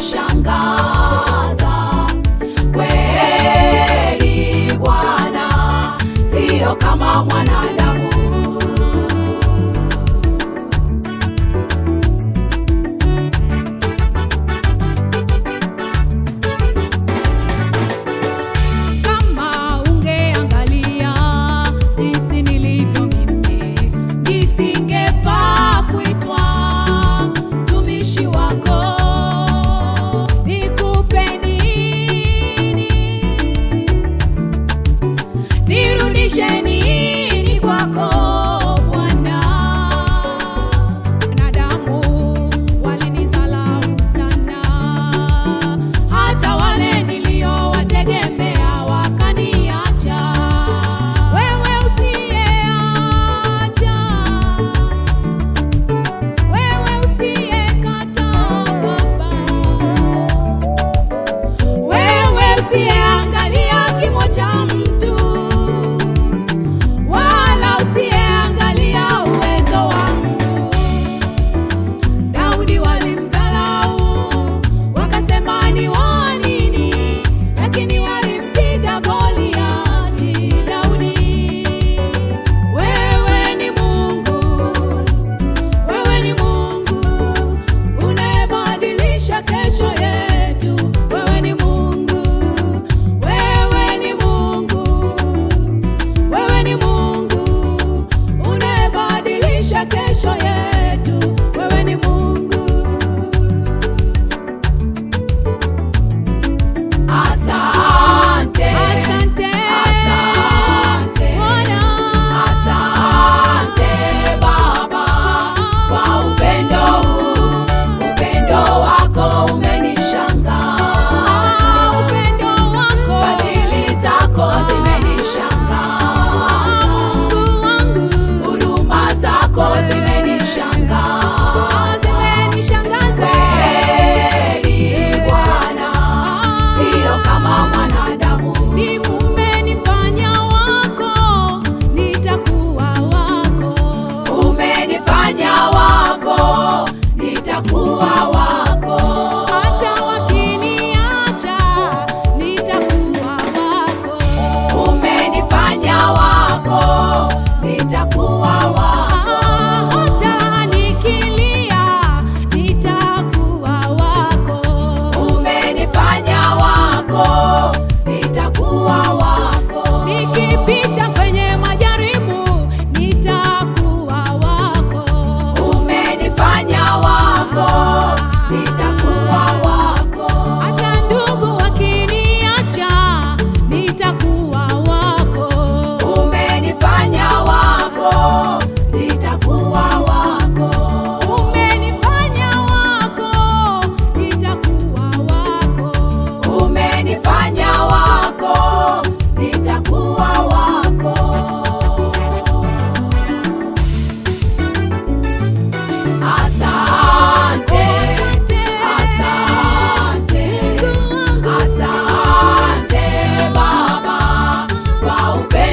kunishangaza kweli Bwana, sio kama mwanadamu. kuwa wa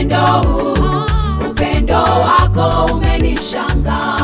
upendo huu, upendo wako umenishangaza.